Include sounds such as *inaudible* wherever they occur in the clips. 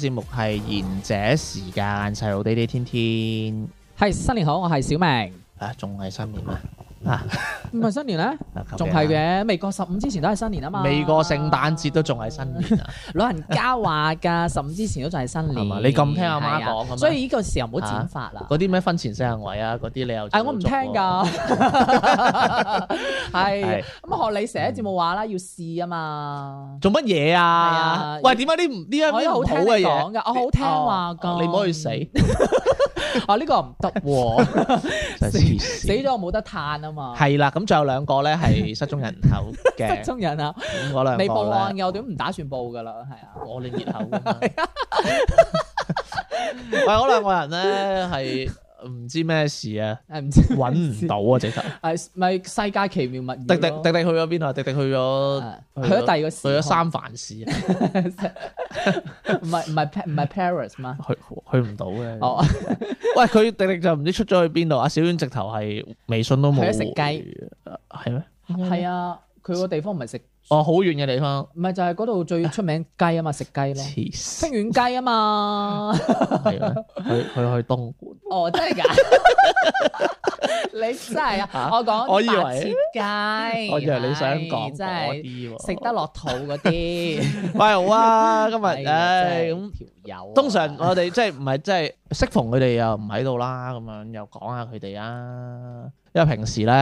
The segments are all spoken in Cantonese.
節目係賢者時間，細佬弟弟天天係新年好，我係小明，啊，仲係新年啊。 *laughs* 唔係新年咧，仲係嘅。未過十五之前都係新年啊嘛。未過聖誕節都仲係新年啊。老人家話噶，十五之前都仲係新年。你咁聽阿媽講，所以呢個時候唔好剪髮啦。嗰啲咩婚前性行為啊，嗰啲你又。哎，我唔聽噶。係咁學你寫節目話啦，要試啊嘛。做乜嘢啊？喂，點解呢呢一啲好嘅嘢？我好聽話噶，你唔可以死。啊，呢個唔得。死死咗我冇得嘆啊嘛。係啦。咁仲有兩個咧係失蹤人口嘅。 *laughs* 失蹤人口？咁嗰兩個未報案嘅，我哋唔打算報噶啦，係啊，我哋滅口嘛。喂， *laughs* *laughs* 嗰兩個人咧係。comple ması cartoon ras Android 唔知咩事啊？揾唔到啊！直頭誒，咪世界奇妙物。迪迪迪迪去咗邊啊？迪迪去咗去咗了了第二個時去咗三藩市。唔係唔係唔係 Paris 嘛？去去唔到嘅。哦，Oh. *laughs* 喂，佢迪迪就唔知出咗去邊度啊？小丸直頭係微信都冇。去食雞？係咩嗎？係 *laughs* 啊，佢個地方唔係食。哦，好遠嘅地方，唔係就係嗰度最出名雞啊嘛，食雞咯，清遠雞啊嘛，去去去東莞，哦真係㗎， *laughs* 你真係啊，蛤我講白切雞，我以， *laughs* 我以為你想講真係食得落肚嗰啲，喂，好啊， *laughs* *laughs* 今日唉咁，條友 *laughs* *laughs* 哎！啊、通常我哋即係唔係即係，適逢佢哋又唔喺度啦，咁樣又講下佢哋啊。因為平時咧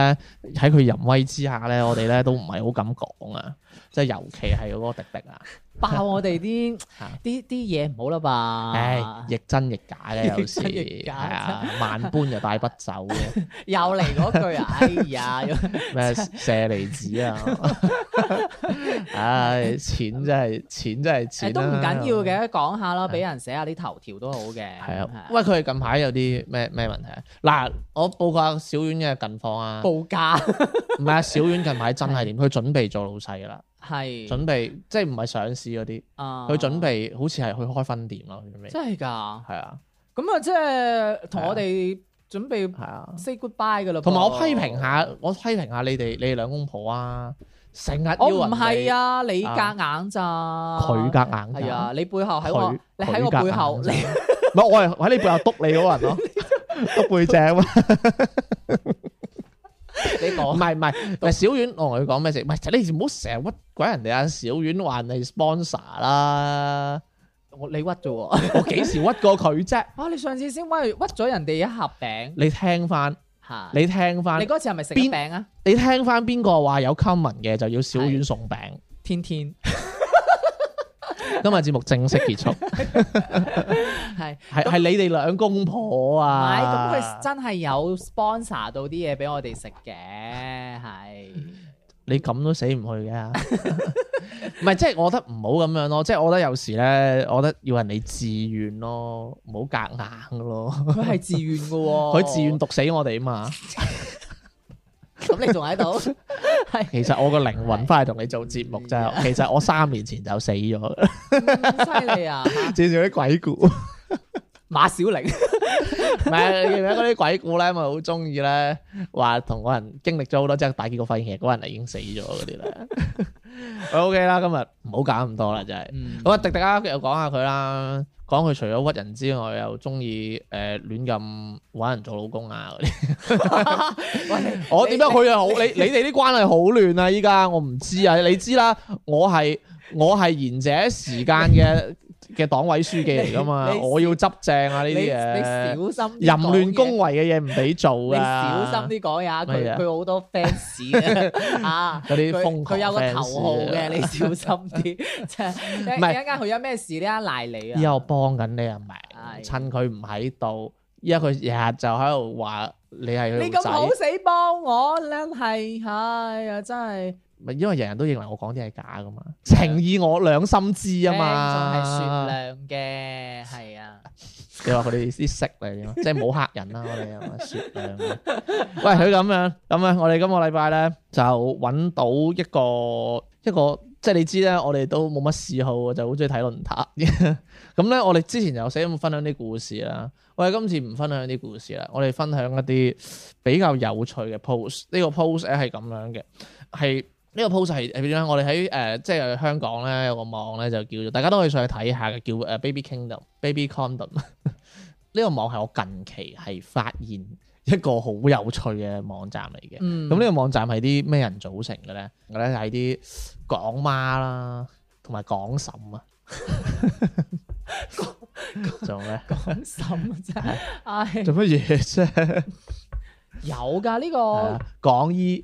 喺佢淫威之下咧，我哋咧都唔係好敢講啊，即係尤其係嗰個滴滴啊。爆我哋啲啲啲嘢唔好啦吧！唉，亦真亦假嘅有時，係啊，萬般又帶不走嘅。又嚟嗰句啊！哎呀，咩舍利子啊？唉，錢真係錢真係錢啊！都唔緊要嘅，講下咯，俾人寫下啲頭條都好嘅。係啊，喂，佢哋近排有啲咩咩問題啊？嗱，我報告小遠嘅近況啊。報價唔係啊，小遠近排真係點？佢準備做老細啦，係準備即係唔係上市。啲嗰佢準備好似係去開分店咯，準備。真係噶，係啊，咁啊，即係同我哋準備係啊，say goodbye 噶啦。同埋我批評下，我批評下你哋，你哋兩公婆啊，成日我唔係啊，你夾硬咋，佢夾硬。係啊，你背後喺我，她你喺我背後你，你唔係我係喺你背後督你嗰人咯，督背脊，啊。嘛。你講，唔係唔係小丸，我同佢講咩食？唔係你唔好成日屈鬼人哋啊。小丸話你 sponsor 啦，我你屈咗我，幾時屈過佢啫啊？你上次先屈屈咗人哋一盒餅，你聽翻吓，你聽翻 *laughs* 你嗰次係咪食餅？啊你聽翻邊個話有 common 嘅就要小丸送餅天天。 *laughs* 今日節目正式結束，係係係你哋兩公婆啊！咁佢真係有 sponsor 到啲嘢俾我哋食嘅，係你咁都死唔去嘅，唔係即係我覺得唔好咁樣咯，即係我覺得有時咧，我覺得要人哋自願咯，唔好夾硬噶咯。佢係 *laughs* 自願噶、哦，佢 *laughs* 自願毒死我哋啊嘛。 *laughs* 咁你仲喺度？係 *music* 其實我個靈魂翻嚟同你做節目就， *music* 其實我三年前就死咗。犀利啊！接住啲鬼故， *laughs* 馬小玲， *laughs* 咪你記唔記得嗰啲鬼故咧，咪好中意咧，話同嗰人經歷咗好多之後，大結局發現其實嗰人係已經死咗嗰啲咧。 *laughs* OK 啦，今日唔好搞咁多啦，真係。咁啊、嗯，迪迪啊，又講下佢啦。講佢除咗屈人之外，又中意誒亂咁玩人做老公啊啲，我點解佢又好？你你哋啲關係好亂啊依家。我唔知啊，你知啦，我係我係賢者時間嘅。 *laughs* *laughs* 嘅黨委書記嚟噶嘛？我要執正啊！呢啲嘢，你小心淫亂恭維嘅嘢唔俾做啊！你小心啲講下，佢佢好多 fans 嘅啊，啲瘋狂佢有個頭號嘅，你小心啲。即係唔係一間佢有咩事咧賴你啊？我幫緊你啊名，趁佢唔喺度，依家佢日日就喺度話你係。你咁好死幫我咧，係係啊，真係。因為人人都認為我講啲係假噶嘛，的情意我兩心知啊嘛，仲係雪亮嘅，係 *laughs* 啊，你話佢哋啲識嚟嘅，即係冇嚇人啦，我哋啊雪亮。喂，佢咁樣咁樣，我哋今個禮拜咧就揾到一個一個，即係你知咧，我哋都冇乜嗜好，就好中意睇論壇。咁咧，我哋之前又寫咁分享啲故事啦。喂，今次唔分享啲故事啦，我哋分享一啲比較有趣嘅 post，呢個 post 咧係咁樣嘅，係。呢個 post 係誒點咧？我哋喺誒即係香港咧有個網咧就叫做，大家都可以上去睇下嘅，叫誒 Baby Kingdom Baby、Baby Condom。呢個網係我近期係發現一個好有趣嘅網站嚟嘅。咁呢、嗯、個網站係啲咩人組成嘅咧？咧係啲港媽啦，同埋港嬸啊。仲有咧？港 *laughs* 嬸啫。真 *laughs* 哎、做乜嘢啫？ *laughs* 有噶呢、這個、啊、港嬸，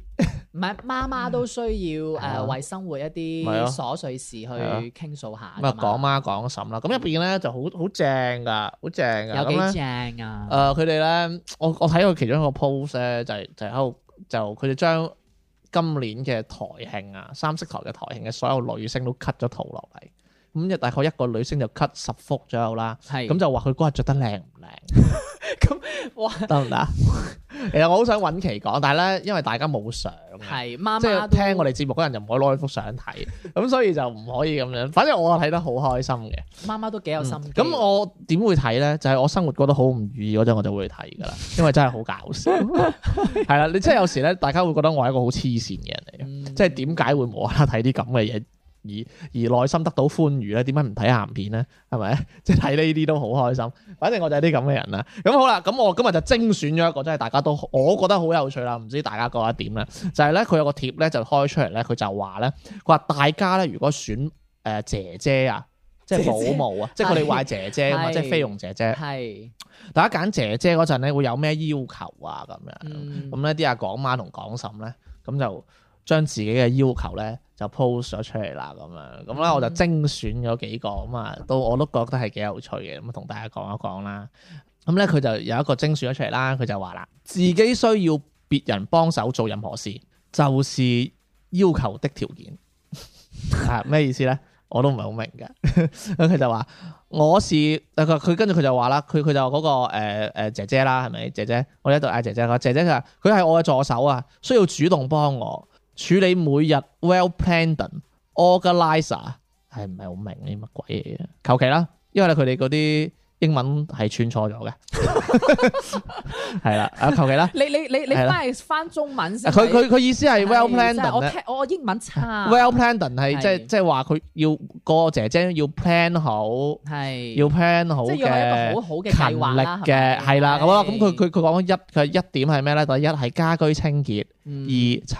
唔係媽媽都需要誒、呃啊、為生活一啲瑣碎事去傾訴下，咁啊講媽講嬸啦，咁入邊咧就好好正噶，好正噶，有幾正啊？誒，佢哋咧，我我睇過其中一個 post 咧，就係、是、就喺、是、度就佢哋將今年嘅台慶啊，三色台嘅台慶嘅所有女星都 cut 咗圖落嚟。咁就大概一個女星就 cut 十幅左右啦，咁就話佢嗰日着得靚唔靚？咁 *laughs* 哇得唔得？行不行 *laughs* 其實我好想揾其講，但係咧，因為大家冇相，媽媽即係聽我哋節目嗰陣就唔可以攞一幅相睇，咁 *laughs* 所以就唔可以咁樣。反正我睇得好開心嘅，媽媽都幾有心。咁、嗯、我點會睇咧？就係、是、我生活過得好唔如意嗰陣，我就會睇㗎啦，因為真係好搞笑。係啦，你真係有時咧，大家會覺得我係一個好黐線嘅人嚟嘅，即係點解會無啦啦睇啲咁嘅嘢？而而內心得到歡愉咧，點解唔睇鹹片咧？係咪？即係睇呢啲都好開心。反正我就係啲咁嘅人啦。咁好啦，咁我今日就精選咗一個，真係大家都我覺得好有趣啦。唔知大家覺得點咧？就係咧，佢有個貼咧，就開出嚟咧，佢就話咧，佢話大家咧，如果選誒姐姐啊，即係保姆啊，即係佢哋話姐姐或者菲傭姐姐，係大家揀姐姐嗰陣咧，會有咩要求啊？咁樣咁呢啲阿港媽同港嬸咧，咁就。將自己嘅要求咧就 post 咗出嚟啦，咁樣咁啦，嗯嗯、我就精選咗幾個，咁啊，都我都覺得係幾有趣嘅，咁同大家講一講啦。咁咧佢就有一個精選咗出嚟啦，佢就話啦，自己需要別人幫手做任何事，就是要求的條件。啊，咩意思咧？我都唔係好明嘅。咁 *laughs* 佢就話我是啊，佢佢跟住佢就話啦，佢佢就嗰、嗰個誒、呃呃、姐姐啦，係咪姐姐？我喺度嗌姐姐啦，姐姐佢話佢係我嘅助手啊，需要主動幫我。處理每日 well planned organizer 係唔係好明啲乜鬼嘢？求其啦，因為咧佢哋嗰啲。英文係串錯咗嘅，係啦啊，求其啦。你你你你翻係翻中文先。佢佢佢意思係 well planned 咧。我我英文差。Well planned 係即係即係話佢要個姐姐要 plan 好，係要 plan 好嘅，即係有一個好好嘅計劃啦。嘅係啦，咁咯咁佢佢佢講一佢一點係咩咧？第一係家居清潔，二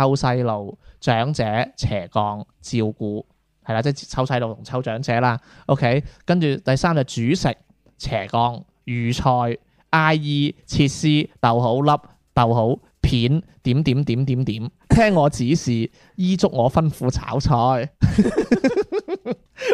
湊細路長者斜槓照顧係啦，即係湊細路同湊長者啦。OK，跟住第三就煮食。斜槓、魚菜、阿姨、切絲、逗號粒、逗號片、點點點點點，聽我指示，依足我吩咐炒菜。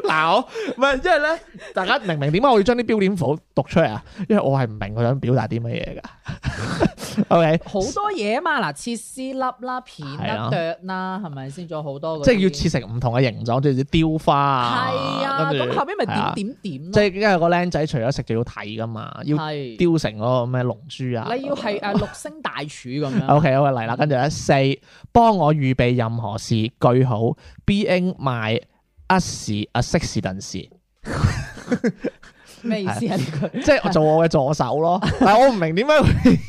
嗱，唔係，即係咧，大家明唔明點解我要將啲標點符讀出嚟啊？因為我係唔明佢想表達啲乜嘢噶。O K，好多嘢嘛，嗱，切絲粒啦、片啦、剁啦、啊，係咪先？仲有好多，即係要切成唔同嘅形狀，即係雕花啊。係啊，咁後邊咪點點點、啊啊？即係因為個僆仔除咗食，就要睇噶嘛，要雕成嗰個咩龍珠啊？啊 *laughs* 你要係誒六星大廚噶。O K，好啦，嚟啦，跟住一四，幫我預備任何事。句號。Being my assistant 咩意思啊？呢句 *laughs* 即係做我嘅助手咯， *laughs* 但係我唔明點解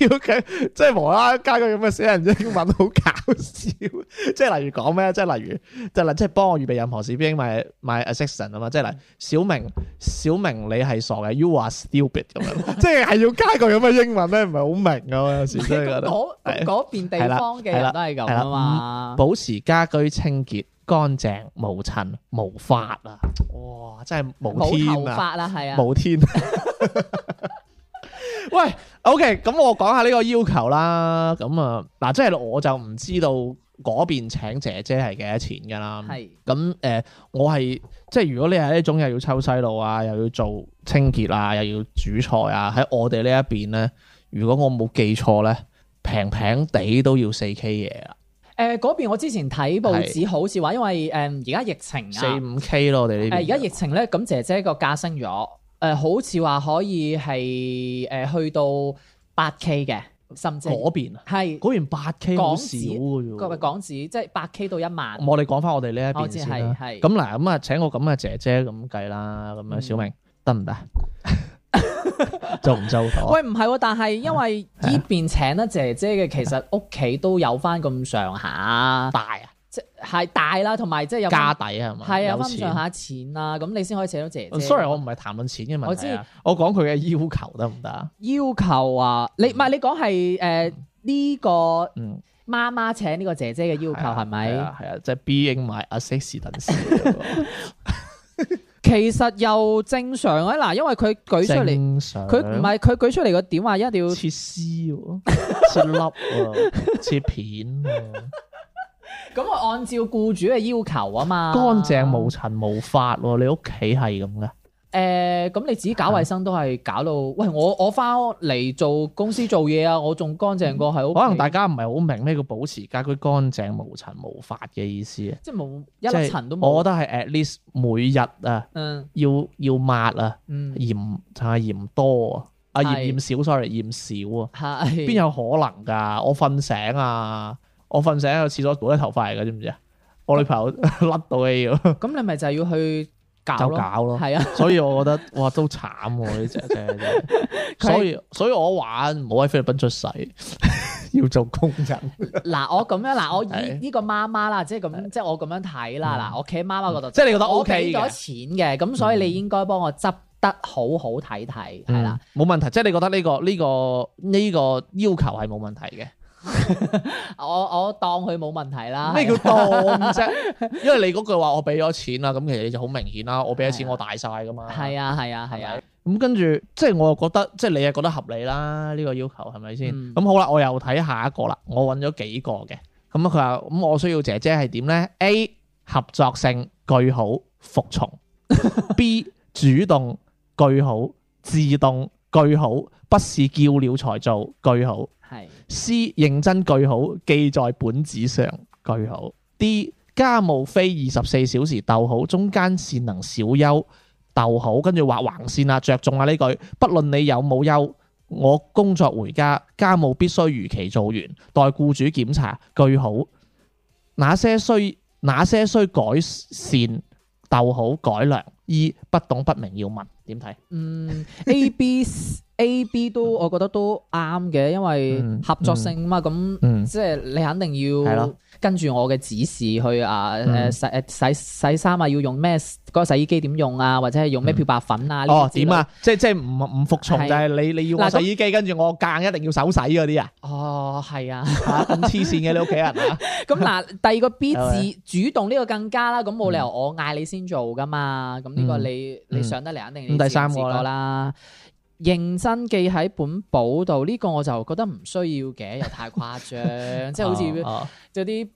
要佢即係無啦啦加個咁嘅死人英文好搞笑。即係例如講咩？即係例如即係即係幫我預備任何事，畢竟 my assistant 啊嘛。即係嚟，小明，小明你係傻嘅，you are stupid 咁樣。即係係要加個咁嘅英文咧，唔係好明啊。有時真係覺得嗰嗰邊地方嘅人都係咁啊嘛。保持家居清潔。乾淨無塵無法，啊！哇，真係無天啊！無頭髮啦，係啊！無天、啊。 *laughs* *laughs* 喂，OK，咁我講下呢個要求啦。咁啊，嗱，即係我就唔知道嗰邊請姐姐係幾多錢噶啦。係咁是，誒、呃，我係即係如果你係呢種又要抽西路啊，又要做清潔啊，又要煮菜啊，喺我哋呢一邊咧，如果我冇記錯咧，平平地都要四 K 嘢啦。誒，嗰邊、呃、我之前睇報紙好似話，因為誒而家疫情啊，四五 K 咯，我哋呢邊。誒，而家疫情咧，咁姐姐個價升咗，誒、呃，好似話可以係誒、呃、去到八 K 嘅，甚至嗰邊啊，係嗰邊八 K 好少嘅啫。位港紙即係八 K 到一萬。我哋講翻我哋呢一邊先啦。好似係係。咁嗱，咁啊，請個咁嘅姐姐咁計啦，咁啊，小明得唔得？就唔做台？喂，唔係，但係因為呢邊請得姐姐嘅，其實屋企都有翻咁上下大啊，即係大啦，同埋即係有家底啊，係咪？係啊，有翻上下錢啦，咁你先可以請到姐姐。Sorry，我唔係談論錢嘅問題啊，我講佢嘅要求得唔得？要求啊，你唔係你講係誒呢個媽媽請呢個姐姐嘅要求係咪？係啊，即係 being my assistant。其實又正常啊，嗱，因為佢舉出嚟，佢唔係佢舉出嚟個點話一定要切絲、切、喔、 *laughs* 粒、啊、切 *laughs* 片、啊。咁我按照雇主嘅要求啊嘛，乾淨無塵無法、啊，你屋企係咁噶？誒，咁你自己搞衛生都係搞到，喂，我我翻嚟，做公司做嘢啊，我仲乾淨過係。可能大家唔係好明咩叫保持家居乾淨無塵無髮嘅意思啊？即係冇一塵都冇。我覺得係 at least 每日啊，嗯，要要抹啊，嗯，嫌啊嫌多啊，啊嫌嫌少，sorry 嫌少啊，係邊有可能噶？我瞓醒啊，我瞓醒去廁所倒啲頭髮嚟噶，知唔知啊？我女朋友甩到 A 咁你咪就要去。搞搞咯，係啊，所以我覺得哇，都慘喎呢隻，真係 *laughs* 他 所以所以我玩唔好喺菲律賓出世， *laughs* 要做工人。嗱，我咁樣，嗱，我以呢個媽媽、啊、啦，即係咁，即係、嗯、我咁樣睇啦，嗱、嗯，我企喺媽媽嗰度，即係你覺得我俾咗錢嘅，咁所以你應該幫我執得好好睇睇，係啦、啊，冇、嗯、問題。即係你覺得呢、這個呢、這個呢、這個要求係冇問題嘅。 *laughs* 我我當佢冇問題啦。咩叫當啫？ *laughs* 因為你嗰句話我俾咗錢啦，咁其實你就好明顯啦。我俾咗錢，我大晒噶嘛。係啊，係啊，係啊。咁、啊嗯嗯、跟住，即係我又覺得，即係你又覺得合理啦。呢、這個要求係咪先？咁好啦，我又睇下一個啦。我揾咗幾個嘅。咁佢話咁我需要姐姐係點咧？A 合作性句號服從 *laughs* ，B 主動句號自動句號不是叫了才做句號。係 C 認真句號記在本子上句號 D 家務非二十四小時逗號，中間善能少休逗號，跟住畫橫線啊着重啊呢句不論你有冇休我工作回家家務必須如期做完待雇主檢查句號哪些需哪些需改善逗號改良 E 不懂不明要問點睇嗯 *laughs* A B、S A、B 都我覺得都啱嘅，因為合作性嘛，咁即係你肯定要跟住我嘅指示去啊！誒洗誒洗洗衫啊，要用咩嗰個洗衣機點用啊？或者係用咩漂白粉啊？哦，點啊？即係即係唔唔服從，但係你你要我洗衣機跟住我間一定要手洗嗰啲啊？哦，係啊，咁黐線嘅你屋企人啊？咁嗱，第二個 B 字主動呢個更加啦，咁冇理由我嗌你先做噶嘛？咁呢個你你上得嚟肯定第三個啦。認真記喺本簿度，呢、呢個我就覺得唔需要嘅，又太誇張， *laughs* 即係好似即啲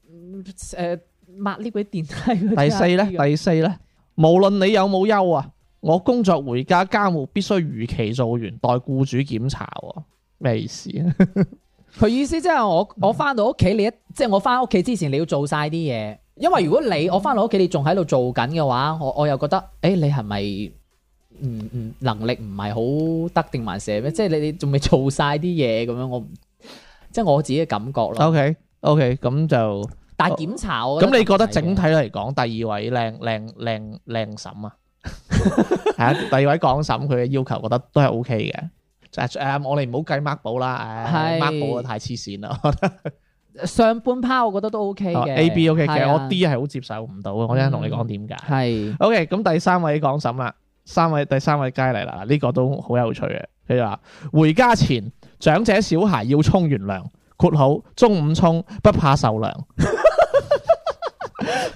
誒抹呢個電梯。第四呢？第四呢？無論你有冇休啊，我工作回家家務必須如期做完，待僱主檢查，啊。咩意思啊？佢 *laughs* 意思即係我我翻到屋企，你一即係、嗯、我翻屋企之前，你要做晒啲嘢，因為如果你我翻到屋企，你仲喺度做緊嘅話，我我又覺得，誒、哎、你係咪？唔唔，能力唔係好得定埋寫咩？即係你哋仲未做晒啲嘢咁樣，我即係我自己嘅感覺咯。O K O K，咁就但係檢查我咁你覺得整體嚟講，第二位靚靚靚靚嬸啊，係啊，第二位港審佢嘅要求，覺得都係 O K 嘅。就誒，我哋唔好計 mark 簿啦，誒，mark 簿太黐線啦。上半 part 我覺得都 O K 嘅，A B O K，其實我 D 係好接受唔到嘅。我一陣同你講點解？係 O K，咁第三位港審啦。三位第三位佳麗啦，呢、這個都好有趣嘅。佢話回家前長者小孩要沖完涼，括號中午沖不怕受涼。 *laughs*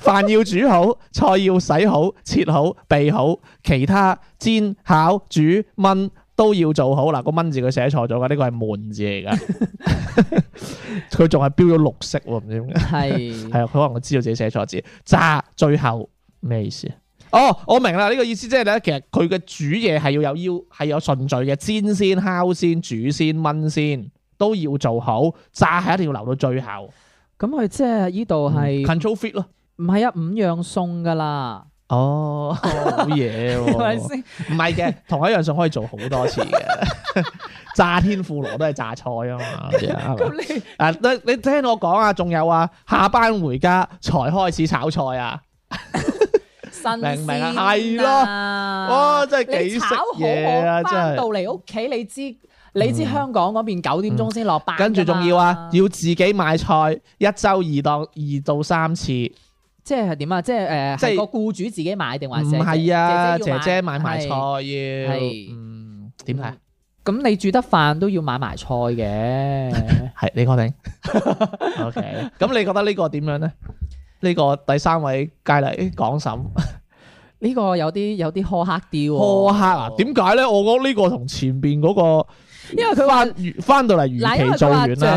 飯要煮好，菜要洗好、切好、備好，其他煎、烤、煮、炆都要做好。嗱、啊，蚊這個炆字佢寫錯咗嘅，呢個係悶字嚟嘅。佢仲係標咗綠色喎，唔知點解。係係啊，佢 *laughs* 可能知道自己寫錯字。炸最後咩意思？哦，我明啦，呢、呢個意思即係咧，其實佢嘅煮嘢係要有要，係有順序嘅，煎先、烤先、煮先、炆先，先，都要做好。炸係一定要留到最後。咁佢即係依度係 control fit 咯。唔係啊，五樣餸噶啦。哦，好嘢、哦，係唔係嘅，同一樣餸可以做好多次嘅。 *laughs* 炸天婦羅都係炸菜啊嘛。咁 *laughs* 吧 *laughs* 你啊，你、uh, 你聽我講啊，仲有啊，下班回家才開始炒菜啊。 *laughs* 明唔明啊？係咯，哇，真係幾食嘢啊！真係到嚟屋企，你知你知香港嗰邊九點鐘先落班，跟住仲要啊，要自己買菜，一周二到二到三次，即係點啊？即係誒，即係個雇主自己買定還是？唔係啊，姐姐買埋菜要，嗯，點解？咁你煮得飯都要買埋菜嘅，係你確定？OK，咁你覺得呢個點樣咧？呢個第三位佳麗講什？呢個有啲有啲苛刻啲喎。苛刻啊？點解咧？我覺得呢個同前邊嗰個，因為佢翻翻到嚟如期做完啦。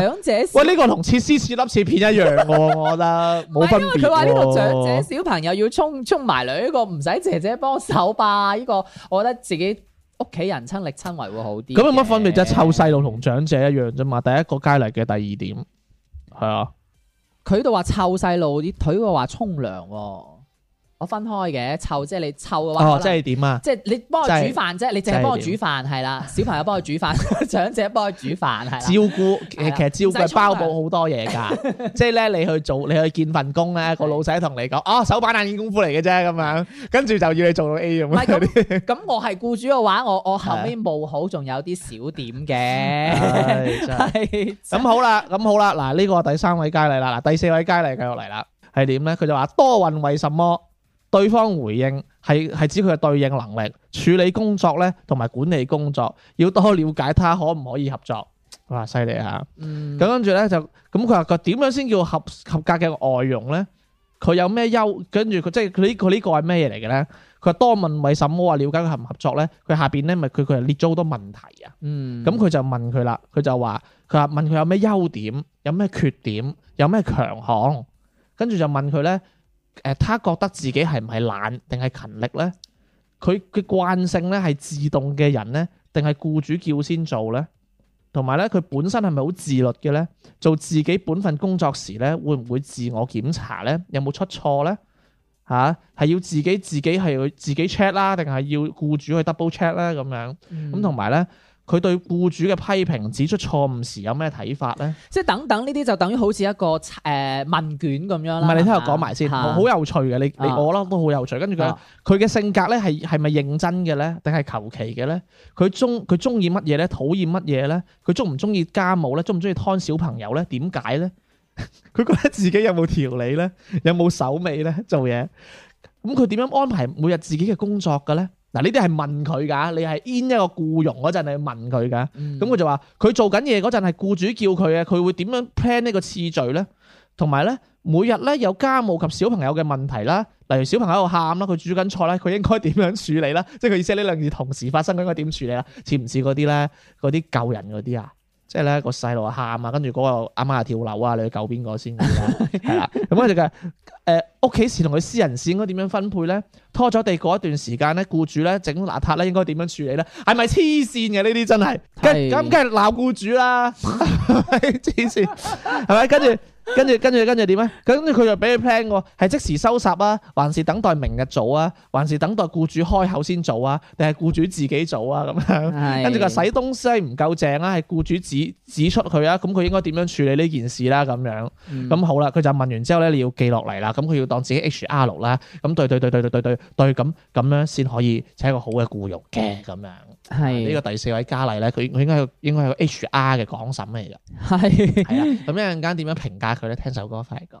喂，呢個同切絲切粒切片一樣喎，我覺得冇分別佢話呢個長者小朋友要沖沖埋嚟，呢個唔使姐姐幫手吧？呢個我覺得自己屋企人親力親為會好啲。咁有乜分別啫？就係湊細路同長者一樣啫嘛。第一個佳麗嘅第二點係啊。佢度話湊細路，啲腿喎，話沖涼喎。我分開嘅湊，即係你湊嘅話哦，即係點啊？即係你幫我煮飯啫，你淨係幫我煮飯係啦。小朋友幫我煮飯，長者幫我煮飯係啦。照顧誒，其實照顧係包補好多嘢噶，即係咧你去做，你去見份工咧，個老細同你講哦，手板眼見功夫嚟嘅啫咁樣，跟住就要你做到 A 咁。唔係咁，咁我係雇主嘅話，我我後尾冇好，仲有啲小點嘅係。咁好啦，咁好啦，嗱呢個第三位佳麗啦，嗱第四位佳麗繼續嚟啦，係點咧？佢就話多運為什麼？對方回應係係指佢嘅對應能力、處理工作咧，同埋管理工作，要多了解他可唔可以合作。哇，犀利嚇！咁跟住咧就咁，佢話佢點樣先叫合合格嘅一、這個外傭咧？佢有咩優？跟住佢即係佢呢個呢個係咩嘢嚟嘅咧？佢話多問為什麼啊，了解佢合唔合作咧？佢下邊咧咪佢佢列咗好多問題啊！咁佢、嗯、就問佢啦，佢就話佢話問佢有咩優點、有咩缺點、有咩強項，跟住就問佢咧。誒，佢覺得自己係唔係懶定係勤力呢？佢嘅慣性呢係自動嘅人呢定係僱主叫先做呢？同埋呢，佢本身係咪好自律嘅呢？做自己本份工作時呢，會唔會自我檢查呢？有冇出錯呢？吓、啊，係要自己自己係去自己 check 啦，定係要僱主去 double check 呢？咁樣咁同埋呢。佢對僱主嘅批評指出錯誤時有咩睇法呢？即係等等呢啲就等於好似一個誒、呃、問卷咁樣啦。唔係，你聽我講埋先，好有趣嘅。你你我啦都好有趣。跟住佢，佢嘅吧性格咧係係咪認真嘅呢？定係求其嘅呢？佢中佢中意乜嘢呢？討厭乜嘢呢？佢中唔中意家務呢？中唔中意看小朋友呢？點解呢？佢 *laughs* 覺得自己有冇條理呢？有冇手尾呢？做嘢咁佢點樣安排每日自己嘅工作嘅呢？嗱，呢啲係問佢㗎，你係 in 一個僱傭嗰陣你問佢㗎，咁佢、嗯、就話佢做緊嘢嗰陣係僱主叫佢嘅，佢會點樣 plan 呢個次序咧？同埋咧，每日咧有家務及小朋友嘅問題啦，例如小朋友喺度喊啦，佢煮緊菜咧，佢應該點樣處理啦，即係佢意思係呢兩件同時發生，應該點處理啦？似唔似嗰啲咧？嗰啲救人嗰啲啊？即係咧個細路喊啊，跟住嗰個阿媽又跳樓啊，你去救邊個先㗎？係啦，咁樣就誒，屋企事同佢私人事應該點樣分配咧？拖咗地過一段時間咧，僱主咧整邋遢咧，應該點樣處理咧？係咪黐線嘅呢啲真係？咁梗係鬧僱主啦，黐線係咪？跟住跟住跟住跟住點咧？跟住佢就俾你 plan 喎，係即時收拾啊，還是等待明日做啊？還是等待僱主開口先做啊？定係僱主自己做啊？咁樣，跟住話洗東西唔夠正啊，係僱主指指出佢啊，咁佢應該點樣處理呢件事啦、啊？咁樣，咁、嗯、好啦，佢就問完之後咧，你要記落嚟啦。咁佢要當自己 HR 佬啦，咁對對對對對對對，對，咁咁樣先可以請一個好嘅僱傭嘅咁樣。係呢個第四位嘉麗咧，佢應該係應該係個 HR 嘅講審嚟嘅。係係啊，咁一陣間點樣評價佢咧？聽首歌返嚟講。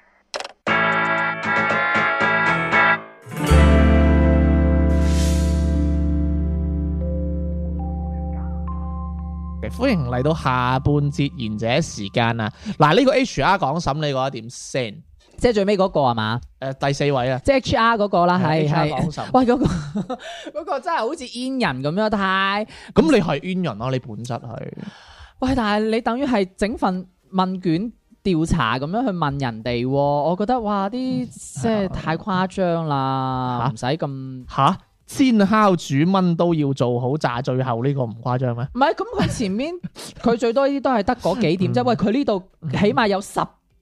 歡迎嚟到下半節賢者時間啊！嗱，呢、這個 H R 講審你嗰一點先，即係最尾嗰個係嘛？誒、呃，第四位啊，即係 H R 嗰個啦，係係、嗯。是喂，嗰、那個嗰 *laughs* 個真係好似閹人咁樣，太……咁你係閹人咯、啊？你本質係？喂，但係你等於係整份問卷調查咁樣去問人哋、啊，我覺得哇，啲即係太誇張啦，唔使咁吓。先烤煮炆都要做好，炸最後呢個唔誇張咩？唔係，咁佢前面佢 *laughs* 最多呢啲都係得嗰幾點啫。 *laughs* 嗯、喂，佢呢度起碼有十。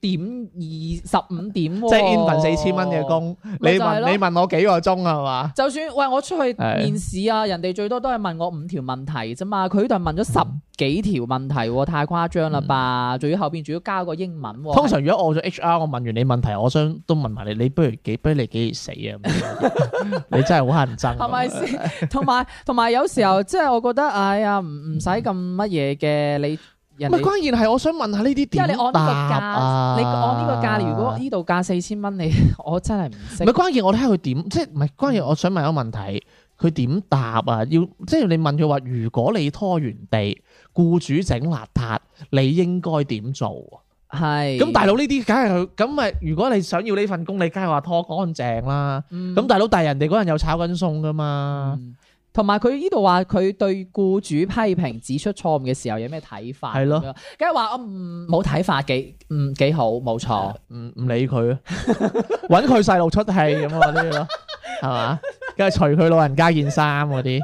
2, 點二十五點即係 even 四千蚊嘅工，你問你問我幾個鐘係嘛？就算喂我出去面試啊，是的 人哋最多都係問我五條問題啫嘛，佢就問咗十幾條問題，嗯、太誇張啦吧？仲要後邊仲要加個英文、哦嗯。通常如果我做 HR，我問完你問題，我想都問埋你，你不如幾不如你幾死啊？不知不知 *laughs* 你真係好乞人憎係咪先？同埋同埋，有，有，有，有時候即係我覺得， *laughs* 哎呀，唔唔使咁乜嘢嘅你。唔係關鍵係，我想問下呢啲點答啊？你按個價、啊、你按呢個價，如果呢度價四千蚊，你我真係唔識。唔係關鍵，我睇下佢點，即係唔係關鍵？我想問一個問題，佢點答啊？要即係你問佢話，如果你拖完地，僱主整邋遢，你應該點做啊？係是。咁大佬呢啲梗係佢，咁咪如果你想要呢份工，你梗係話拖乾淨啦。咁、嗯、大佬，但人哋嗰陣又炒緊餸㗎嘛？嗯同埋佢依度話佢對雇主批評指出錯誤嘅時候有咩睇法？係咯的，梗係話我唔冇睇法，幾嗯幾好，冇錯，唔唔的理佢，揾佢細路出氣咁啊啲咯，係嘛？ *laughs* 即係除佢老人家件衫嗰啲，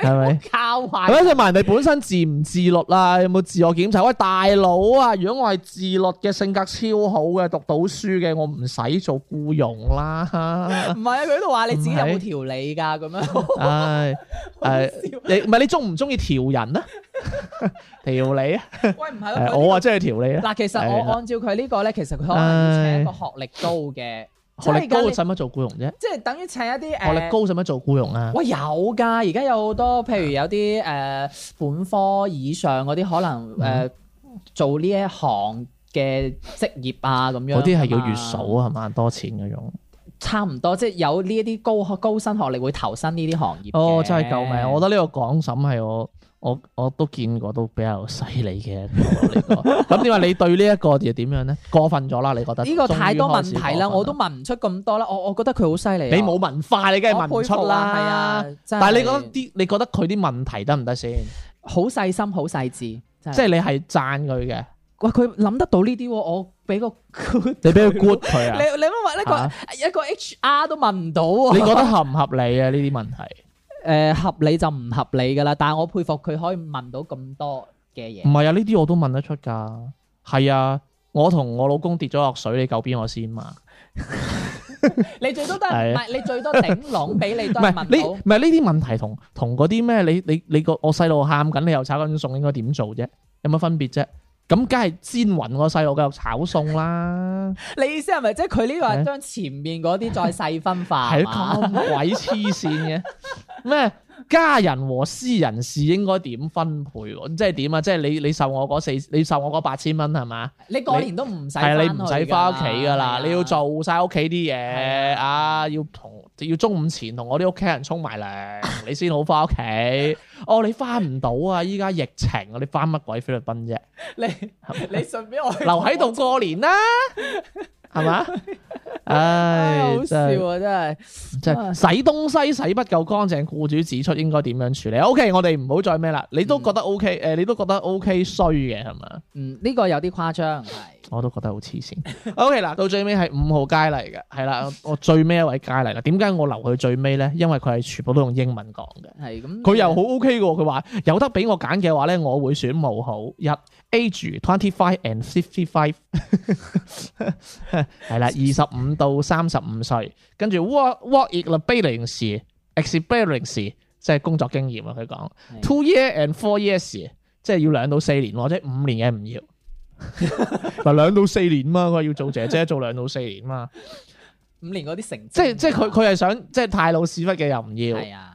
係咪？ *laughs* 教壞？嗰陣問人哋本身自唔自律啦、啊？有冇自我檢查？喂，大佬啊，如果我係自律嘅性格超好嘅，讀到書嘅，我唔使做雇傭啦。唔係啊，佢喺度話你自己有冇條理噶？咁是樣？唉、哎，係， *laughs* *laughs* 你唔係你中唔中意調人啊？調 *laughs* 條理啊？ *laughs* 喂，唔係，這個、我話即係條理啊。嗱，其實我按照佢呢、這個咧，其實佢可能要請一個學歷高嘅。學歷高使乜做雇傭啫？即係等於請一啲誒，學歷高使乜做雇傭啊？喂，有噶，而家有好多，譬如有啲誒、呃、本科以上嗰啲，可能誒、呃、做呢一行嘅職業啊，咁、嗯、樣嗰啲係要月嫂啊，係嘛好多錢嗰種，差唔多，即、就、係、是、有呢一啲高高薪學歷會投身呢啲行業。哦，真係救命！我覺得呢個港嬸係我。我我都見過，都比較犀利嘅。咁你話你對呢一個又點樣咧？過分咗啦，你覺得？呢個太多問題啦，我都問唔出咁多啦。我我覺得佢好犀利。你冇文化，你梗係問唔出啦。係啊，但係你覺得啲？你覺得佢啲問題得唔得先？好細心，好細致，即係你係讚佢嘅。喂，佢諗得到呢啲，我俾 *laughs* 個 good，你俾佢 good 佢啊？你你乜話呢個一個 HR 都問唔到，啊？ *laughs* 你覺得合唔合理啊？呢啲問題？誒、呃，合理就唔合理噶啦，但係我佩服佢可以問到咁多嘅嘢。唔係啊，呢啲我都問得出噶。係啊，我同我老公跌咗落水，你救邊我先嘛？ *laughs* *laughs* 你最多都唔係是、啊， *laughs* 你最多頂籠俾你都係問到。唔係呢啲問題同同嗰啲咩？你你你個我細路喊緊，你又炒緊餸，應該點做啫？有乜分別啫？咁梗係煎勻個細路繼續炒餸啦！ *laughs* 你意思係咪即係佢呢個將前面嗰啲再細分化？係咁鬼黐線嘅咩？家人和私人事應該點分配？即係點啊？即係你你受我嗰四，你受我八千蚊係嘛？你，你過年都唔使翻你唔使翻屋企噶啦，啊、你要做晒屋企啲嘢啊，要同要中午前同我啲屋企人沖埋涼， *laughs* 你先好翻屋企。哦，你翻唔到啊！依家疫情，啊，你翻乜鬼菲律賓啫？你 *laughs* 你順便我，我 *laughs* 留喺度過年啦、啊。係嘛？唉， *laughs* 好、哎、笑啊是！真係是，即係 *laughs* 洗東西洗不夠乾淨，雇主指出應該點樣處理？O、okay, K，我哋唔好再咩啦？你都覺得 O K？誒，你都覺得 O K 衰嘅係嘛？嗯，呢、這個有啲誇張，係。我都覺得好黐線。O K，嗱，到最尾係五號街嚟嘅，係 *laughs* 啦，我最尾一位街嚟啦。點解我留佢最尾咧？因為佢係全部都用英文講嘅。係咁，佢、嗯、又好 O K 嘅。佢話 *laughs* 有得俾我揀嘅話咧，我會選無好一。Age twenty five and fifty five，係啦，二十五到三十五歲。跟住 work work experience experience 即係工作經驗啊。佢講 two years and four years，即係要兩到四年或者五年嘅唔要。嗱，兩到四年嘛，佢要做姐姐做兩到四年嘛。五年嗰啲成績，即係即係佢佢係想即係太老屎忽嘅又唔要。係啊。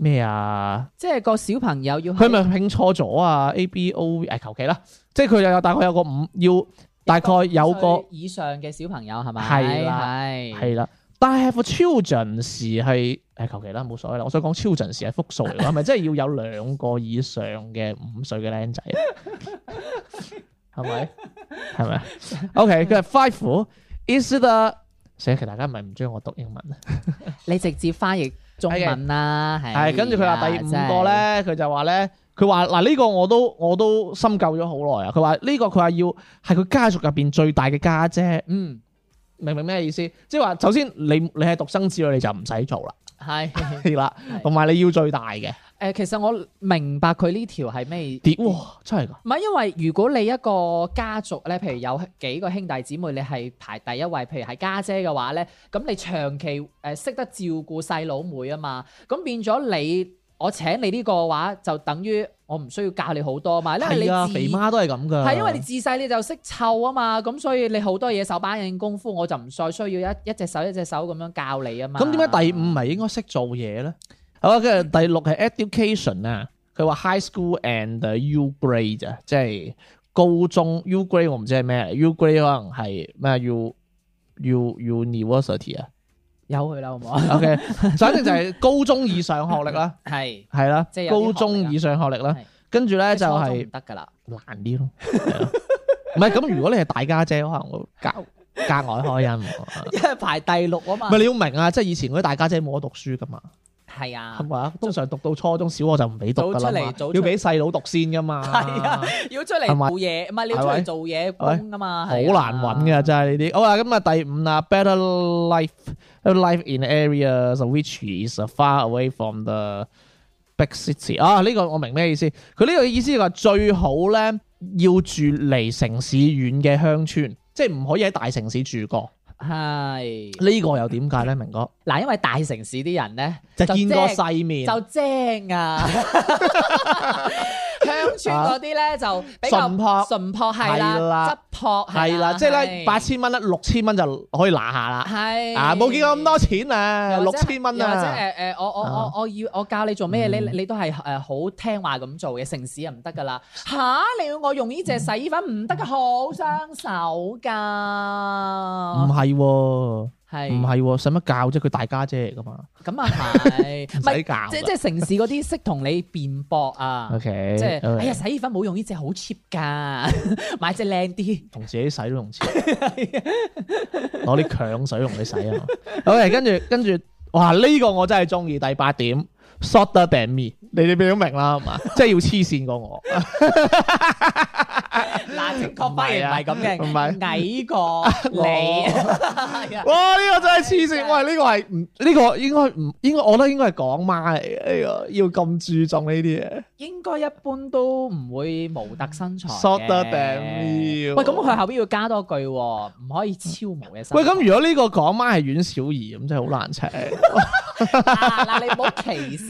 咩啊？即係個小朋友要佢咪拼錯咗啊？A B O 誒，求其啦，即係佢有大概有個五要，大概有個以上嘅小朋友係咪？係啦，係啦，但係個 children 時係誒，求其啦，冇所謂啦。我想講 children 時係複數嚟，係咪即係要有兩個以上嘅五歲嘅僆仔？係咪？係咪？O K，佢係 five is the，所以其實大家唔係唔中意我讀英文啊？你直接翻譯。係嘅，係跟住佢話第五個咧，佢是就話咧，佢話嗱呢個我都我都深究咗好耐啊。佢話呢個佢話要係佢家族入邊最大嘅家姐，姐，嗯，明唔明咩意思？即係話首先你你係獨生子女，你就唔使做啦，係啦的，同埋 *laughs* 你要最大嘅。誒，其實我明白佢呢條係咩？哇，真係噶！唔係因為如果你一個家族咧，譬如有幾個兄弟姊妹，你係排第一位，譬如係家姐嘅話咧，咁你長期誒識得照顧細佬妹啊嘛，咁變咗你，我請你呢個話就等於我唔需要教你好多嘛，因為你、啊、肥媽都係咁噶，係因為你自細你就識湊啊嘛，咁所以你好多嘢手板眼功夫，我就唔再需要一一隻手一隻手咁樣教你啊嘛。咁點解第五咪應該識做嘢咧？好啊，跟住、okay，第六係 education 啊，佢話 high school and U grade 啊，即係高中 U grade 我唔知係咩，U grade 可能係咩 U U U university 啊，有佢啦好唔好？O K，反正就係高中以上學歷啦，係係啦，即、就、係、是、高中以上學歷啦，是跟住咧就係唔得噶啦，是難啲咯，唔係咁，如果你係大家姐，可能格格 *laughs* 外開恩， *laughs* 因為排第六啊嘛，唔係，你要明啊，即係以前嗰啲大家姐冇得讀書噶嘛。係啊，係咪通常讀到初中、小我就唔俾讀噶啦，要俾細佬讀先噶嘛。係啊，要出嚟做嘢，唔係你要出嚟做嘢工噶嘛。好吧吧難揾噶，真係呢啲。嗯、好啊，咁啊第五啊，Better life, life in areas which is far away from the big city. 啊，呢、呢個我明咩意思？佢呢個意思就係最好咧，要住離城市遠嘅鄉村，即係唔可以喺大城市住過。係呢個又點解呢？明哥？嗱，因為大城市啲人呢，就見過世面，就精啊！ *laughs* *laughs* 鄉村嗰啲咧就俾淳樸，淳樸係啦，質樸係啦，即係咧八千蚊咧六千蚊就可以拿下啦，係，冇見過咁多錢啊，六千蚊啊，即係誒我我我我要我教你做咩，你你都係誒好聽話咁做嘅，城市又唔得噶啦，吓你要我用呢隻洗衣粉唔得噶，好傷手噶，唔係。唔係，使乜、哦、教啫？佢大家姐嚟噶嘛？咁、嗯、 *laughs* 啊，係唔使教，即即城市嗰啲識同你辯駁啊。O K，即係哎呀，洗衣粉冇用呢隻，好 cheap 噶，買隻靚啲，同自己洗都用錢，攞啲 *laughs* 強水同你洗啊嘛。 *laughs* o、okay, K，跟住跟住，哇！呢、呢個我真係中意，第八點。shorter than me，你哋都明啦，係嘛？ *laughs* 即係要黐線過我。嗱 *laughs* *laughs* 正確反而唔係咁嘅，唔係、啊啊、 *laughs* 矮過你。 *laughs* 哇，呢、呢個真係黐線！喂，呢、呢個係唔呢個應該唔應該，我覺得應該係港媽嚟嘅。哎呀，要咁注重呢啲嘢？應該一般都唔會模特身，身材。shorter than me，喂，咁佢後邊要加多句，唔可以超模嘅身材。喂，咁如果呢個港媽係阮小儀咁，真係好難請。嗱，你唔好歧視。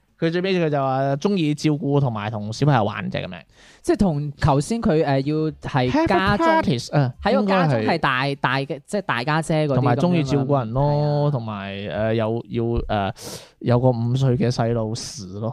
佢最尾佢就話中意照顧同埋同小朋友玩，就係咁樣。即係同頭先佢誒要係家中喺、呃、個家中係大大嘅，即係大家姐同埋中意照顧人咯，同埋誒有、呃、要誒、呃、有個五歲嘅細路屎咯。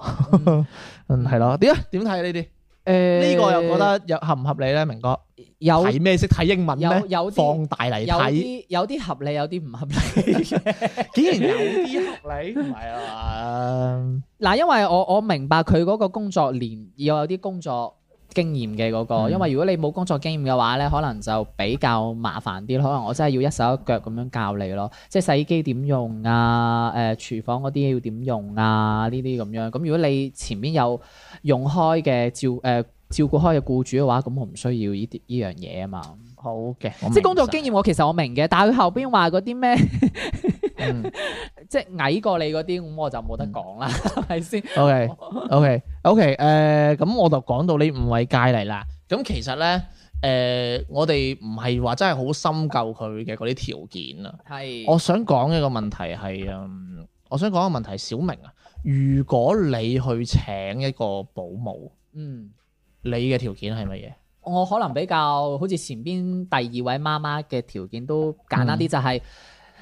*laughs* 嗯，係咯、 *laughs* 嗯。點啊？點睇呢啲。誒，呢個又覺得合唔合理咧，明哥？睇咩識睇英文有有放大嚟睇，有啲合理，有啲唔合理嘅。 *laughs* 竟然有啲合理，唔係啊？嗱， *laughs* 因為我我明白佢嗰個工作年，要有啲工作經驗嘅嗰個，因為如果你冇工作經驗嘅話咧，可能就比較麻煩啲咯。可能我真係要一手一腳咁樣教你咯，即係洗衣機點用啊，誒廚房嗰啲要點用啊呢啲咁樣。咁如果你前面有用開嘅照誒照顧開嘅僱主嘅話，咁我唔需要呢啲呢樣嘢啊嘛。好嘅，即係工作經驗我其實我明嘅，但係佢後邊話嗰啲咩， *laughs* 嗯、 *laughs* 即係矮過你嗰啲，咁我就冇得講啦，係咪先？OK OK。 *laughs* OK，誒、呃、咁我就講到呢五位佳麗啦。咁其實呢，誒、呃、我哋唔係話真係好深究佢嘅嗰啲條件啦。係是，我想講一個問題係，嗯，我想講個問題，小明啊，如果你去請一個保姆，嗯，你嘅條件係乜嘢？我可能比較好似前邊第二位媽媽嘅條件都簡單啲、就是，就係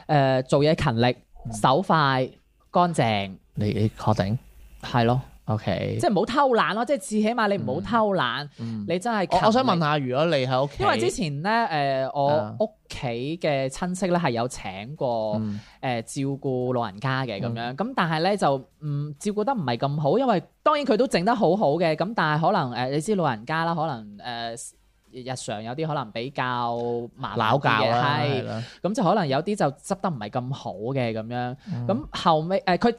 誒做嘢勤力、手快、乾淨。你你確定？係咯。O.K. 即係唔好偷懶咯，即係至起碼你唔好偷懶，嗯嗯、你真係。我想問下，如果你喺屋企，因為之前咧，誒，我屋企嘅親戚咧係有請過誒照顧老人家嘅咁、嗯、樣，咁但係咧就唔照顧得唔係咁好，因為當然佢都整得好好嘅，咁但係可能誒，你知老人家啦，可能誒、呃、日常有啲可能比較麻煩嘅係，咁就可能有啲就執得唔係咁好嘅咁樣，咁、嗯嗯、後尾。誒、呃、佢。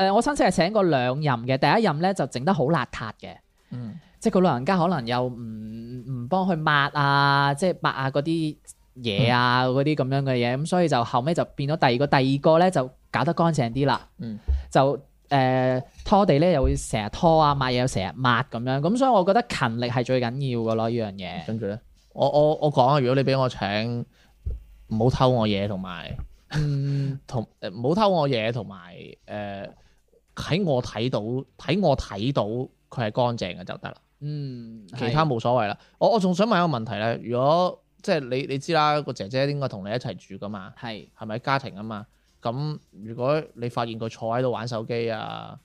誒，我親戚係請過兩任嘅，第一任咧就整得好邋遢嘅，嗯，即係佢老人家可能又唔唔幫佢抹啊，即係抹啊嗰啲嘢啊，嗰啲咁樣嘅嘢，咁所以就後尾就變咗第二個，第二個咧就搞得乾淨啲啦，嗯，就誒、呃、拖地咧又會成日拖啊，抹嘢又成日抹咁樣，咁所以我覺得勤力係最緊要㗎咯，樣呢樣嘢。跟住咧，我我我講啊，如果你俾我請，唔好偷我嘢同埋，同誒唔好偷我嘢同埋誒。喺我睇到，睇我睇到佢係乾淨嘅就得啦。嗯，其他冇所謂啦。我我仲想問一個問題咧，如果即係你你知啦，個姐姐應該同你一齊住噶嘛？系係咪家庭啊嘛？咁如果你發現佢坐喺度玩手機啊，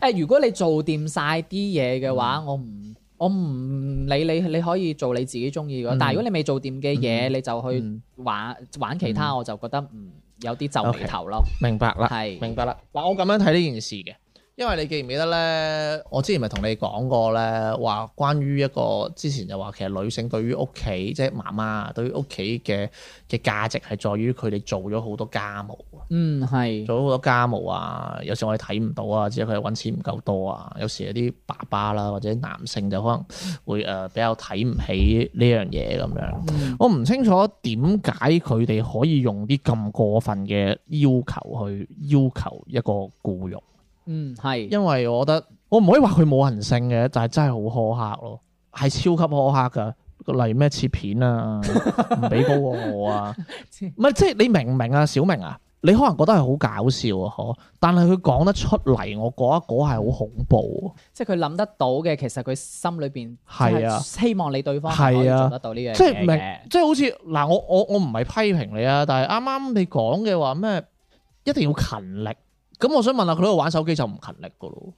誒，如果你做掂晒啲嘢嘅話，嗯、我唔我唔理你，你可以做你自己中意嘅。嗯、但係如果你未做掂嘅嘢，嗯、你就去玩、嗯、玩其他，我就覺得嗯。有啲皺眉頭咯，okay, 明白啦，係明白啦。嗱，我咁樣睇呢件事嘅。因為你記唔記得咧？我之前咪同你講過咧，話關於一個之前就話其實女性對於屋企即係媽媽對於屋企嘅嘅價值係在於佢哋做咗好多家務。嗯，係做咗好多家務啊，有時我哋睇唔到啊，或者佢哋搵錢唔夠多啊，有時有啲爸爸啦、啊、或者男性就可能會誒比較睇唔起呢樣嘢咁樣。嗯、我唔清楚點解佢哋可以用啲咁過分嘅要求去要求一個僱傭。嗯，係，因為我覺得我唔可以話佢冇人性嘅，但係真係好苛刻咯，係超級苛刻噶，例如咩切片啊，唔俾， *laughs* 高過我啊，唔係 *laughs* 即係你明唔明啊？小明啊，你可能覺得係好搞笑啊，嗬，但係佢講得出嚟，我覺得嗰一刻係好恐怖，即係佢諗得到嘅，其實佢心裏邊係啊，希望你對方係啊，做得到呢樣嘢即係唔明，即係好似嗱，我我我唔係批評你啊，但係啱啱你講嘅話咩，一定要勤力。咁我想問下佢喺度玩手機就唔勤力噶咯？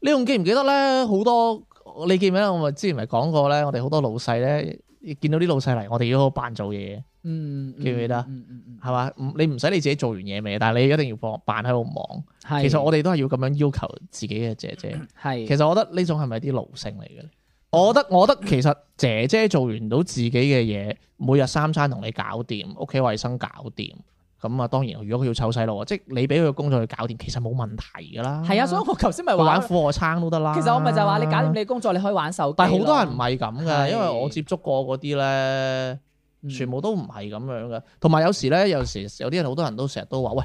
你仲記唔記得咧？好多你記唔記得我咪之前咪講過咧？我哋好多老細咧，見到啲老細嚟，我哋要扮做嘢，嗯，嗯，記唔記得？嗯係嘛、嗯嗯？你唔使你自己做完嘢未，但係你一定要幫扮喺度忙。是其實我哋都係要咁樣要求自己嘅姐姐。係是，其實我覺得呢種係咪啲奴性嚟嘅咧？我覺得我覺得其實姐姐做完到自己嘅嘢，每日三餐同你搞掂，屋企衞生搞掂。咁啊，當然，如果佢要湊細路，即係你俾佢工作去搞掂，其實冇問題噶啦。係啊，所以我頭先咪玩俯臥撐都得啦。其實我咪就話你搞掂你工作，你可以玩手機。但係好多人唔係咁嘅，因為我接觸過嗰啲咧，全部都唔係咁樣嘅。同埋有時咧，有時有啲人好多人都成日都話，喂，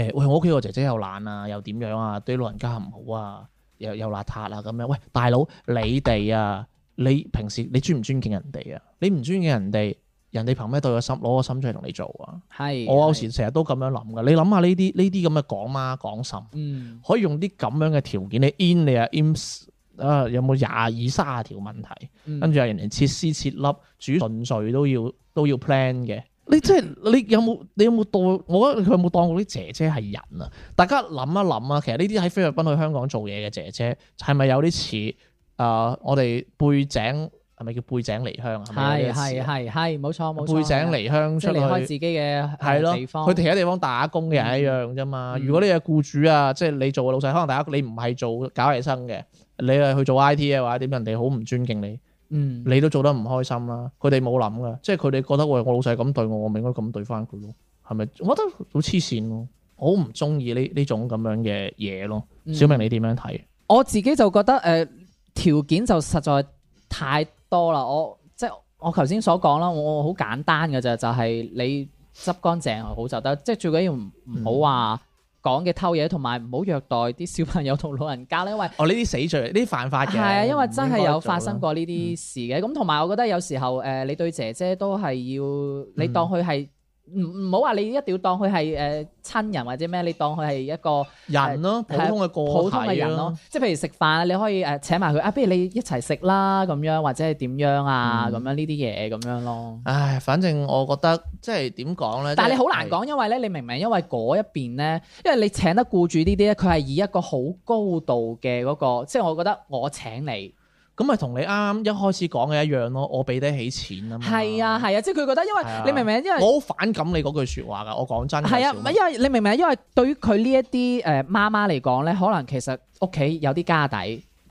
誒，喂，我屋企個姐姐又懶啊，又點樣啊，對老人家唔好啊，又又邋遢啊，咁樣。喂，大佬，你哋啊，你平時你尊唔尊敬人哋啊？你唔尊敬人哋，人哋憑咩對個心攞個心出嚟同你做啊？係是，我有時成日都咁樣諗嘅。你諗下呢啲呢啲咁嘅港媽港嬸，港港嗯，可以用啲咁樣嘅條件，你 in 你啊 in 啊，有冇廿二卅條問題？跟住有人哋切絲切粒煮順序都要都要 plan 嘅。你真係你有冇你有冇當我覺得佢有冇當過啲姐姐係人啊？大家諗一諗啊，其實呢啲喺菲律賓去香港做嘢嘅姐姐，係咪有啲似啊？我哋背井。係咪叫背井離鄉？係咪？係係係係，冇錯冇錯。背井離鄉，即係離開自己嘅係咯地方。佢其他地方打工嘅人一樣啫嘛。如果你係雇主啊，即係你做嘅老細，可能大家你唔係做搞衛生嘅，你係去做 IT 嘅話，點人哋好唔尊敬你？嗯，你都做得唔開心啦。佢哋冇諗噶，即係佢哋覺得我老細咁對我，我咪應該咁對翻佢咯？係咪？我覺得好黐線咯，我好唔中意呢呢種咁樣嘅嘢咯。小明你點樣睇？我自己就覺得誒，條件就實在太～多啦，我即係我頭先所講啦，我好簡單嘅咋，就係、係、你執乾淨好就得，即係最緊要唔好話講嘅偷嘢，同埋唔好虐待啲小朋友同老人家啦，因為哦呢啲死罪，呢啲犯法嘢係啊，因為真係有發生過呢啲事嘅，咁同埋我覺得有時候誒、呃，你對姐姐都係要你當佢係。嗯嗯唔唔好話你一定要當佢係誒親人或者咩，你當佢係一個人咯，啊，普通嘅個體嘅人咯。啊，即係譬如食飯，你可以誒請埋佢啊，不如你一齊食啦咁樣，或者係點樣啊咁，嗯，樣呢啲嘢咁樣咯。唉，反正我覺得即係點講咧，但係你好難講，是因為咧你明唔明？因為嗰一邊咧，因為你請得雇主呢啲咧，佢係以一個好高度嘅嗰，嗰個，即係我覺得我請你。咁咪同你啱啱一開始講嘅一樣咯，我俾得起錢啊嘛。係啊，係啊，即係佢覺得，因為、啊、你明唔明？因為我好反感你嗰句説話㗎，我講真係啊，唔係因為你明唔明啊？因為對於佢呢一啲誒媽媽嚟講咧，可能其實屋企有啲家底，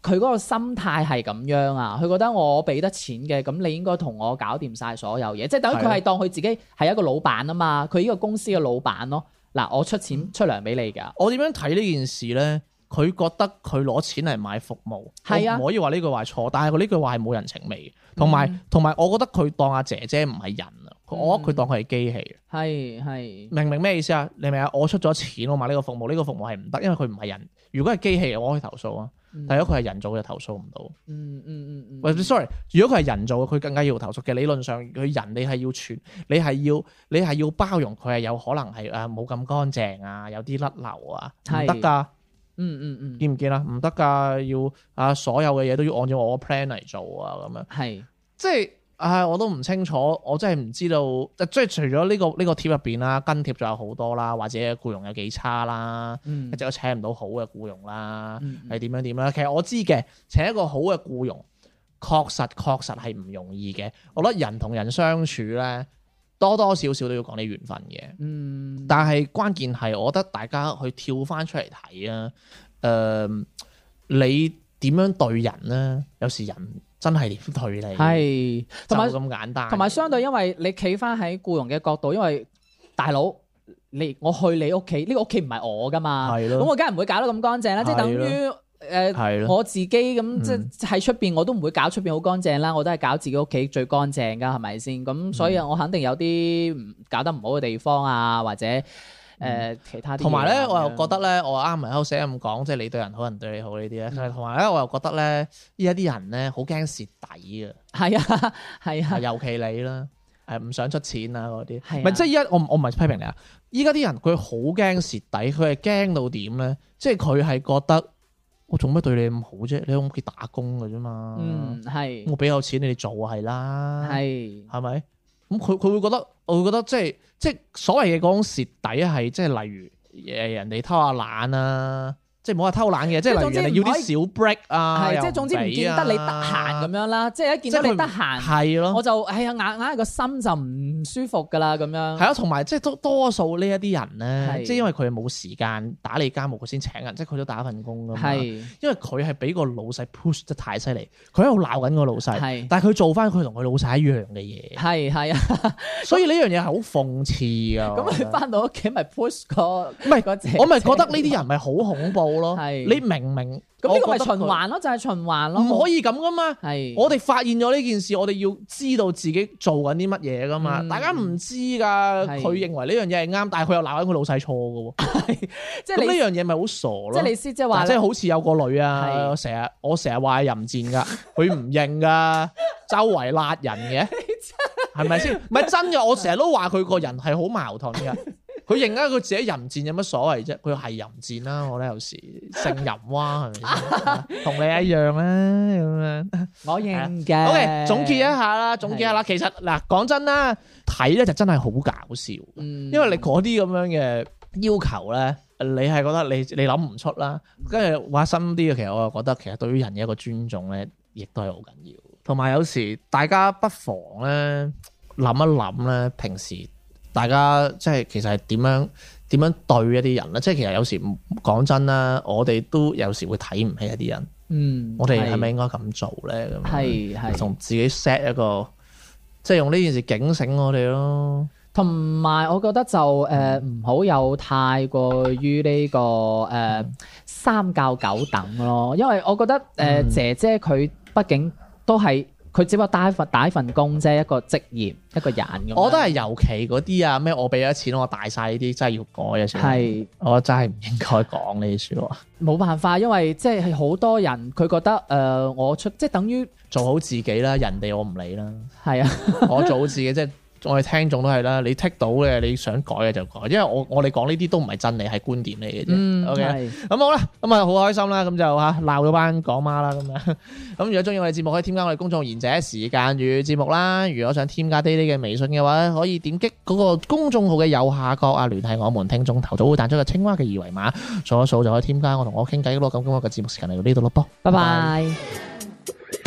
佢嗰個心態係咁樣啊，佢覺得我俾得錢嘅，咁你應該同我搞掂晒所有嘢，即係等於佢係當佢自己係一個老闆啊嘛，佢呢個公司嘅老闆咯。嗱，我出錢出糧俾你㗎、嗯，我點樣睇呢件事咧？佢覺得佢攞錢嚟買服務，我唔、啊、可以話呢句話錯，但係佢呢句話係冇人情味嘅，同埋同埋，嗯、我覺得佢當阿姐姐唔係人啊，嗯、我覺得佢當佢係機器。係係、嗯、明唔明咩意思啊？你明啊？我出咗錢，我買呢個服務，呢、呢個服務係唔得，因為佢唔係人。如果係機器，我可以投訴啊。但如果佢係人造嘅，投訴唔到。嗯嗯嗯嗯。sorry，如果佢係人造嘅，佢更加要投訴嘅、嗯嗯嗯嗯。理論上佢人，你係要全，你係要你係要，要包容佢，係有可能係誒冇咁乾淨啊，有啲甩漏啊，唔得㗎。是嗯嗯嗯，嗯，見唔見啊？唔得噶，要啊所有嘅嘢都要按照我個 plan 嚟做是啊，咁樣係，即係啊我都唔清楚，我真係唔知道，即係除咗呢、這個呢、這個貼入邊啦，跟貼仲有好多啦，或者雇用有幾差啦，一直都請唔到好嘅雇用啦，係點、嗯、樣點啦？其實我知嘅，請一個好嘅雇用，確實確實係唔容易嘅。我覺得人同人相處咧。多多少少都要講你緣分嘅，嗯、但係關鍵係，我覺得大家去跳翻出嚟睇啊，誒、呃，你點樣對人咧？有時人真係點對你係，同埋冇咁簡單。同埋相對，因為你企翻喺僱傭嘅角度，因為大佬你我去你屋企，呢個屋企唔係我噶嘛，咁的我梗係唔會搞到咁乾淨啦，的即係等於。誒，係咯、呃，是的 我自己咁即係喺出邊，嗯、我都唔會搞出邊好乾淨啦。我都係搞自己屋企最乾淨噶，係咪先咁？所以我肯定有啲唔搞得唔好嘅地方啊，或者誒、呃、其他啲。同埋咧，我又覺得咧，我啱啱口度寫咁講，即係你對人好人對你好，嗯、呢啲咧。同埋咧，我又覺得咧，依家啲人咧好驚蝕底啊，係啊係啊，尤其你啦，誒唔想出錢啊嗰啲，咪即係依家我我唔係批評你啊。依家啲人佢好驚蝕底，佢係驚到點咧？即係佢係覺得。我做乜對你咁好啫？你喺屋企打工嘅啫嘛。嗯，係。我俾有錢你哋做係啦。係。係咪？咁佢佢會覺得，我會覺得即係即係所謂嘅嗰種蝕底，係即係例如誒，人哋偷下懶啊。即係唔好話偷懶嘅，即係例如你要啲小 break 啊，係即係總之唔見得你得閒咁樣啦。即係一見到你得閒，係咯，我就係啊，硬硬係個心就唔舒服噶啦咁樣。係啊，同埋即係多多數呢一啲人咧，即係因為佢係冇時間打理家務，佢先請人，即係佢都打份工噶嘛。係，因為佢係俾個老細 push 得太犀利，佢喺度鬧緊個老細，係，但係佢做翻佢同佢老細一樣嘅嘢，係係。所以呢樣嘢係好諷刺噶。咁佢翻到屋企咪 push 個唔係個姐，我咪覺得呢啲人咪好恐怖。係，你明唔明？咁呢個咪循環咯，就係循環咯，唔可以咁噶嘛。我哋發現咗呢件事，我哋要知道自己做緊啲乜嘢噶嘛。大家唔知噶，佢認為呢樣嘢係啱，但係佢又鬧緊佢老細錯噶喎。即係呢樣嘢咪好傻咯。即係你先即係話，即係好似有個女啊，成日我成日話佢淫賤噶，佢唔認噶，周圍辣人嘅，係咪先？唔係真嘅，我成日都話佢個人係好矛盾噶。佢認啊！佢自己淫賤有乜所謂啫？佢係淫賤啦！我咧有時姓淫娃，係咪同你一樣咧咁樣？我認嘅。OK，總結一下啦，總結下啦。的其實嗱，講真啦，睇咧就真係好搞笑。嗯，因為你嗰啲咁樣嘅要求咧，你係覺得你你諗唔出啦。跟住話深啲嘅，其實我又覺得其實對於人嘅一個尊重咧，亦都係好緊要。同埋有，有時大家不妨咧諗一諗咧，平時。大家即係其實係點樣點樣對一啲人咧？即係其實有時講真啦，我哋都有時會睇唔起一啲人。嗯，我哋係咪應該咁做咧？係係同自己 set 一個，即係用呢件事警醒我哋咯。同埋我覺得就誒唔好有太過於呢個誒、呃、三教九等咯，因為我覺得誒、呃、姐姐佢畢竟都係。佢只不過打一份打份工啫，一個職業一個人咁。我都係尤其嗰啲啊，咩我俾咗錢，我大晒呢啲，真係要改啊！係是，我真係唔應該講呢啲說話。冇辦法，因為即係好多人佢覺得誒、呃，我出即係等於做好自己啦，人哋我唔理啦。係是啊， *laughs* 我做好自己即係。我哋聽眾都係啦，你剔到嘅，你想改嘅就改，因為我我哋講呢啲都唔係真理，係觀點嚟嘅啫。O K，咁好啦，咁啊好開心啦，咁就吓鬧咗班港媽啦，咁樣。咁、嗯、如果中意我哋節目，可以添加我哋公眾賢者時間與節目啦。如果想添加啲啲嘅微信嘅話，可以點擊嗰個公眾號嘅右下角啊，聯繫我們聽眾頭早會彈出個青蛙嘅二維碼，掃一掃就可以添加我同我傾偈咯。咁今日嘅節目時間嚟到呢度咯，噃，拜拜。 *laughs*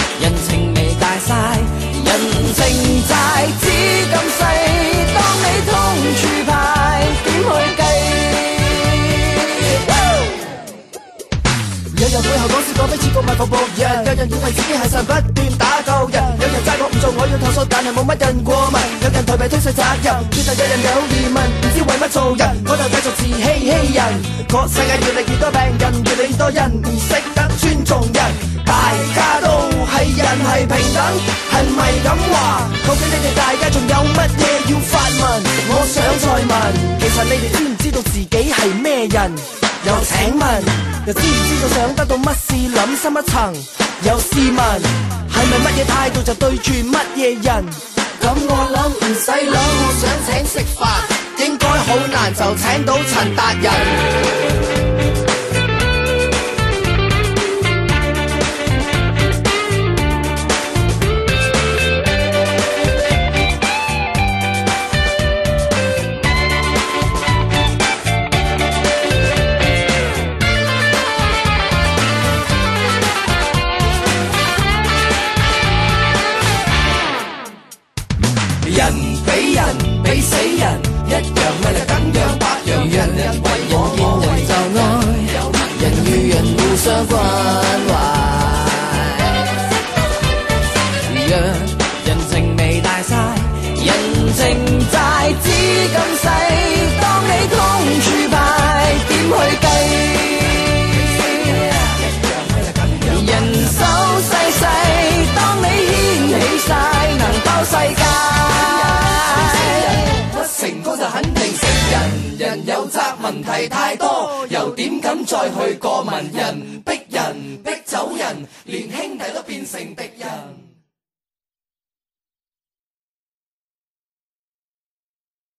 人情未大晒，人情債只咁細，當你通處派，點去？Yeah. 有人背後講是講非，似個賣國博人；Yeah. 有人以為自己係神，不斷打救人；有人爭我唔做，我要投訴，但係冇乜人過問；有人逃避推卸責任，其實有人有疑問，唔知為乜做人，我 Yeah. 就繼續自欺欺人。個世界越嚟越多病人，越嚟越多人唔識得尊重人，大家都係人係平等，係咪咁話？究竟你哋大家仲有乜嘢要發問？我想再問，其實你哋知唔知道自己係咩人？又請問，又知唔知道想？深一層又試問，係咪乜嘢態度就對住乜嘢人？咁、嗯、我諗唔使諗，我想請食飯，應該好難就請到陳達人。人人為我，我人人，人見人就愛，人與人互相關懷。問題太多，又點敢再去過問人，逼人逼走人，連兄弟都變成。